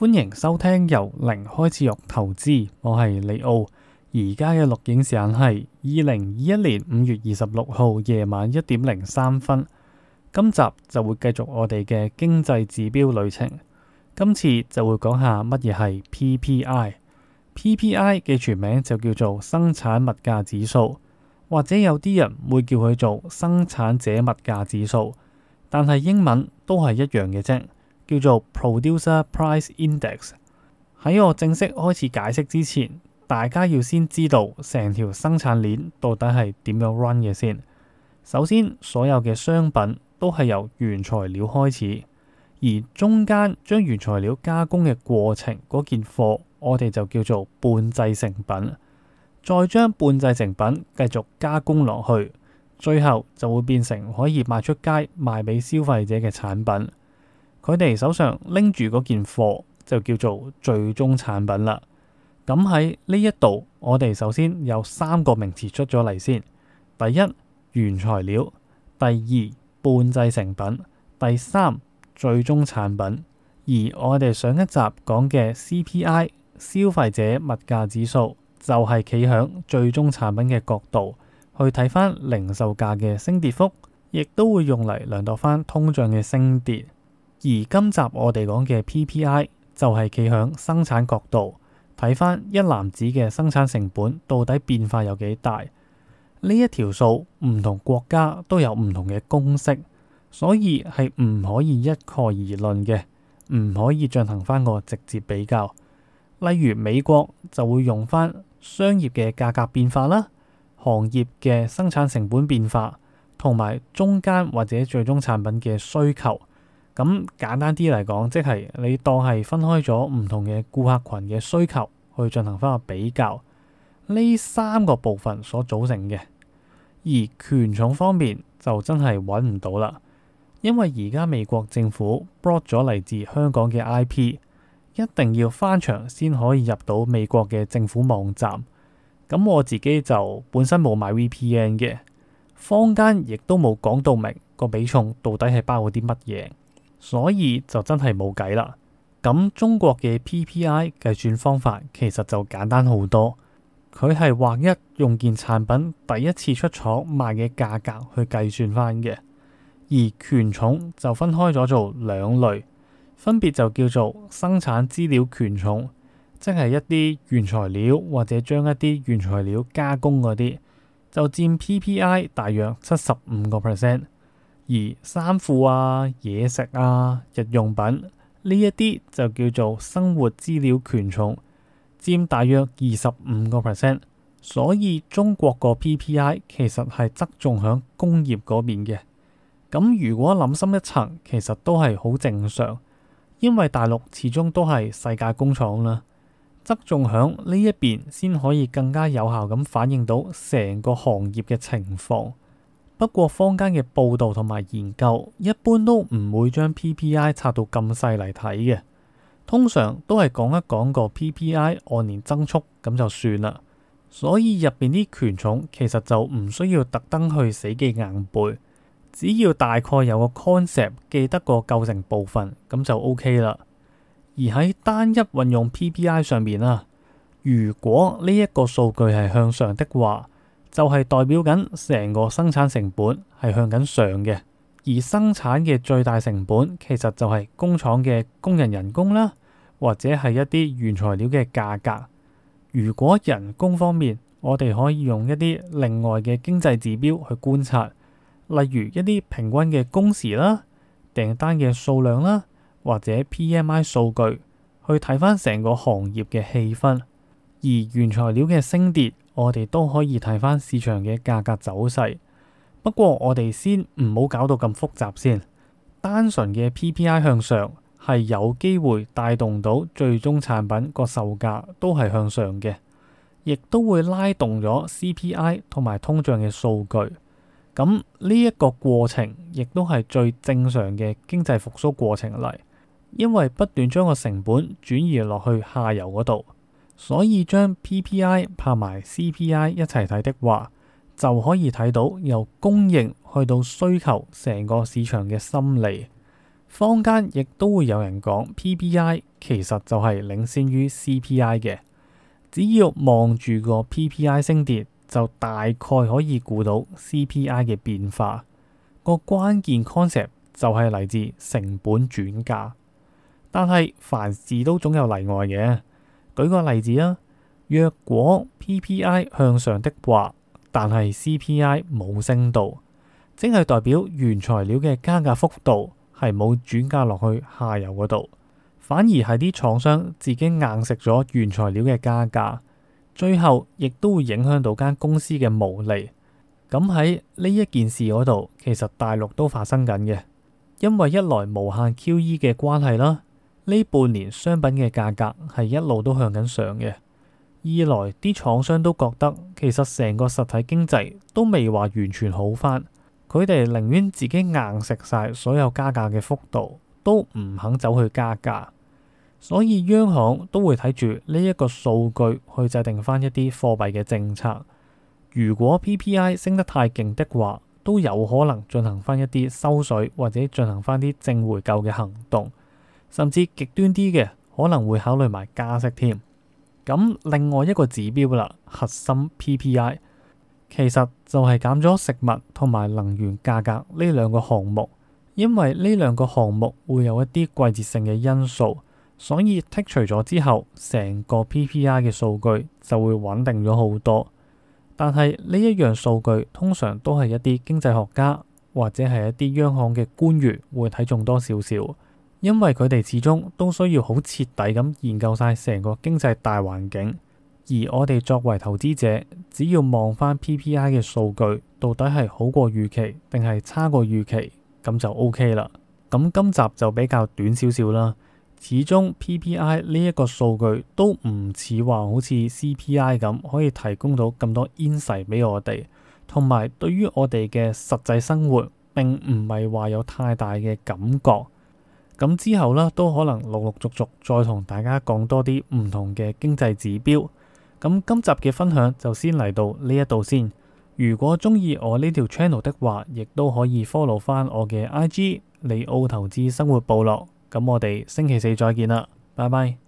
歡迎收聽由零開始學投資，我係李奧。而家嘅錄影時間係二零二一年五月二十六號夜晚一點零三分。今集就會繼續我哋嘅經濟指標旅程，今次就會講下乜嘢係 PPI。PPI 嘅全名就叫做生產物價指數，或者有啲人會叫佢做生產者物價指數，但係英文都係一樣嘅啫。叫做 Producer Price Index。喺我正式開始解釋之前，大家要先知道成條生產鏈到底係點樣 run 嘅先。首先，所有嘅商品都係由原材料開始，而中間將原材料加工嘅過程嗰件貨，我哋就叫做半製成品。再將半製成品繼續加工落去，最後就會變成可以賣出街賣俾消費者嘅產品。佢哋手上拎住嗰件貨就叫做最終產品啦。咁喺呢一度，我哋首先有三個名詞出咗嚟先。第一，原材料，第二，半製成品，第三，最終產品。而我哋上一集講嘅 CPI 消費者物價指數就係企響最終產品嘅角度去睇翻零售價嘅升跌幅，亦都會用嚟量度翻通脹嘅升跌。而今集我哋講嘅 PPI 就係企響生產角度睇翻一籃子嘅生產成本到底變化有幾大。呢一條數唔同國家都有唔同嘅公式，所以係唔可以一概而論嘅，唔可以進行翻個直接比較。例如美國就會用翻商業嘅價格變化啦、行業嘅生產成本變化同埋中間或者最終產品嘅需求。咁簡單啲嚟講，即係你當係分開咗唔同嘅顧客群嘅需求去進行翻個比較，呢三個部分所組成嘅。而權重方面就真係揾唔到啦，因為而家美國政府 block 咗嚟自香港嘅 IP，一定要翻牆先可以入到美國嘅政府網站。咁我自己就本身冇買 VPN 嘅，坊間亦都冇講到明個比重到底係包括啲乜嘢。所以就真係冇計啦。咁中國嘅 PPI 計算方法其實就簡單好多，佢係劃一用件產品第一次出廠賣嘅價格去計算翻嘅，而權重就分開咗做兩類，分別就叫做生產資料權重，即係一啲原材料或者將一啲原材料加工嗰啲就佔 PPI 大約七十五個 percent。而衫褲啊、嘢食啊、日用品呢一啲就叫做生活資料權重，佔大約二十五個 percent。所以中國個 PPI 其實係側重響工業嗰邊嘅。咁如果諗深一層，其實都係好正常，因為大陸始終都係世界工廠啦，側重響呢一邊先可以更加有效咁反映到成個行業嘅情況。不過，坊間嘅報道同埋研究一般都唔會將 PPI 拆到咁細嚟睇嘅，通常都係講一講個 PPI 按年增速咁就算啦。所以入邊啲權重其實就唔需要特登去死記硬背，只要大概有個 concept 記得個構成部分咁就 OK 啦。而喺單一運用 PPI 上面啊，如果呢一個數據係向上的話，就係代表緊成個生產成本係向緊上嘅，而生產嘅最大成本其實就係工廠嘅工人人工啦，或者係一啲原材料嘅價格。如果人工方面，我哋可以用一啲另外嘅經濟指標去觀察，例如一啲平均嘅工時啦、訂單嘅數量啦，或者 PMI 數據去睇翻成個行業嘅氣氛，而原材料嘅升跌，我哋都可以睇翻市場嘅價格走勢，不過我哋先唔好搞到咁複雜先。單純嘅 PPI 向上係有機會帶動到最終產品個售價都係向上嘅，亦都會拉動咗 CPI 同埋通脹嘅數據。咁呢一個過程亦都係最正常嘅經濟復甦過程嚟，因為不斷將個成本轉移落去下游嗰度。所以將 PPI 拍埋 CPI 一齊睇的話，就可以睇到由供應去到需求成個市場嘅心理。坊間亦都會有人講 PPI 其實就係領先於 CPI 嘅，只要望住個 PPI 升跌，就大概可以估到 CPI 嘅變化。個關鍵 concept 就係嚟自成本轉價，但係凡事都總有例外嘅。舉個例子吖，若果 PPI 向上的話，但係 CPI 冇升到，即係代表原材料嘅加價幅度係冇轉嫁落去下游嗰度，反而係啲廠商自己硬食咗原材料嘅加價，最後亦都會影響到間公司嘅毛利。咁喺呢一件事嗰度，其實大陸都發生緊嘅，因為一來無限 QE 嘅關係啦。呢半年商品嘅價格係一路都向緊上嘅。二來啲廠商都覺得，其實成個實體經濟都未話完全好翻，佢哋寧願自己硬食晒所有加價嘅幅度，都唔肯走去加價。所以央行都會睇住呢一個數據去制定翻一啲貨幣嘅政策。如果 PPI 升得太勁的話，都有可能進行翻一啲收水，或者進行翻啲正回購嘅行動。甚至極端啲嘅，可能會考慮埋加息添。咁另外一個指標啦，核心 PPI，其實就係減咗食物同埋能源價格呢兩個項目，因為呢兩個項目會有一啲季節性嘅因素，所以剔除咗之後，成個 PPI 嘅數據就會穩定咗好多。但係呢一樣數據通常都係一啲經濟學家或者係一啲央行嘅官員會睇重多少少。因為佢哋始終都需要好徹底咁研究晒成個經濟大環境，而我哋作為投資者，只要望翻 P P I 嘅數據，到底係好過預期定係差過預期，咁就 O K 啦。咁今集就比較短少少啦。始終 P P I 呢一個數據都唔似話好似 C P I 咁可以提供到咁多 insight 俾我哋，同埋對於我哋嘅實際生活並唔係話有太大嘅感覺。咁之後呢，都可能陸陸續續再同大家講多啲唔同嘅經濟指標。咁今集嘅分享就先嚟到呢一度先。如果中意我呢條 channel 的話，亦都可以 follow 翻我嘅 IG 利奧投資生活部落。咁我哋星期四再見啦，拜拜。